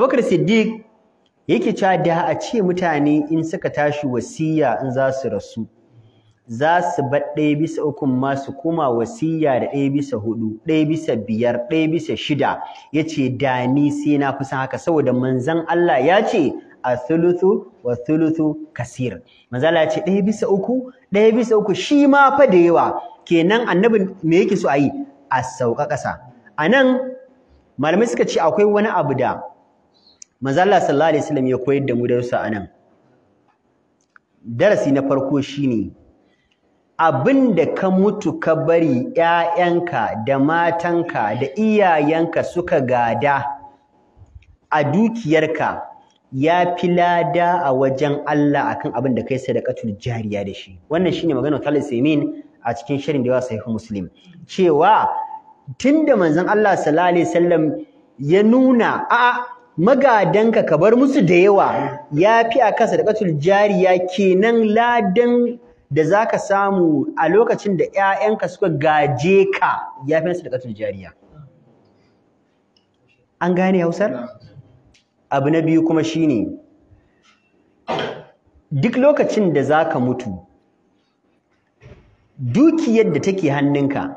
bakar siddiq yake cewa da a ce mutane in suka tashi wasiya in za su rasu za su bar ɗaya bisa uku ma su koma wasiya da ɗaya bisa hudu ɗaya bisa biyar ɗaya bisa shida ya ce da ni sai na fi haka saboda manzan Allah ya ce a thuluthu wa thuluthu kasir manzan ya ce ɗaya bisa uku ɗaya bisa uku shi ma fa da yawa kenan annabi me yake so a yi a sauka ƙasa a nan malamai suka ce akwai wani abu da Mazalla sallallahu alaihi wasallam ya koyar da mu darussa anan darasi na farko shine abinda ka mutu ka bari ƴaƴanka da matanka da iyayenka suka gada a dukiyarka ya fi lada a wajen Allah akan abin da kai sadaqatul jariya da shi wannan shine maganar Talib Semin a cikin shirin da ya sahihu Muslim cewa tunda manzon Allah sallallahu alaihi wasallam ya nuna a magadanka ka bar musu da yawa ya fi a da sadakatul jariya kenan ladan da za ka samu a lokacin da 'ya'yanka suka gaje ka ya fi sadakatul jariya an gane hausar abu na biyu kuma shine duk lokacin da za ka mutu dukiyar da take hannunka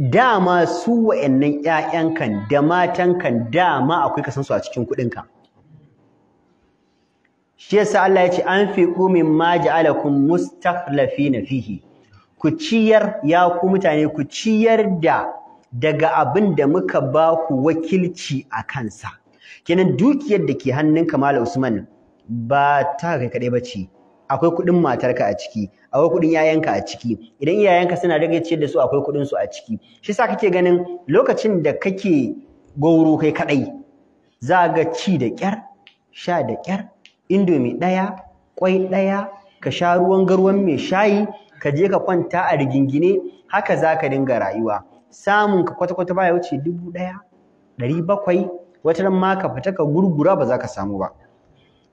dama su wa'annan ƴaƴan kan da matan kan dama akwai kasan su a cikin kuɗinka. shi yasa Allah ya ce an fi ƙumin ma ja'alakum na fihi ku ciyar ya ku mutane ku ciyar da daga abin da muka ba ku wakilci a kansa kenan dukiyar da ke hannunka kamala Usman ba ta kai kaɗai ba ce akwai kuɗin matarka a ciki akwai kuɗin yayanka a ciki idan iyayenka suna rage ciyar da su akwai kuɗin su a ciki shi sa kake ganin lokacin da kake gauro kai kadai za ga ci da kyar sha da kyar indomi ɗaya kwai ɗaya ka sha ruwan garwan mai shayi ka je ka kwanta a rigingine haka za ka dinga rayuwa samun ka kwata-kwata baya wuce dubu ɗaya ɗari bakwai wata ma ka fita ka gurgura ba za ka samu ba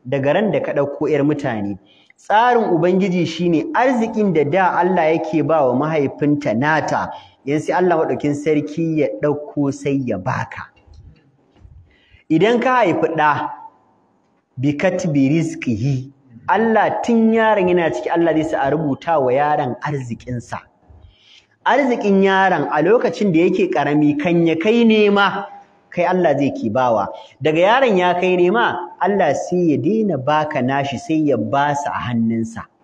daga ran da ka ɗauko 'yar mutane tsarin ubangiji shi ne, arzikin da da Allah yake ba wa mahaifinta nata yin sai Allah maɗaukin sarki ya ɗauko sai ya baka idan ka haifi ɗa bi katbi yi, Allah tun yaron yana ciki Allah zai sa a rubuta wa yaron arzikinsa arzikin yaron a lokacin da yake ƙarami kan ya kai nema kai Allah zai kibawa, daga yaron ya kai nema Allah sai ya daina baka nashi sai ya basa a hannunsa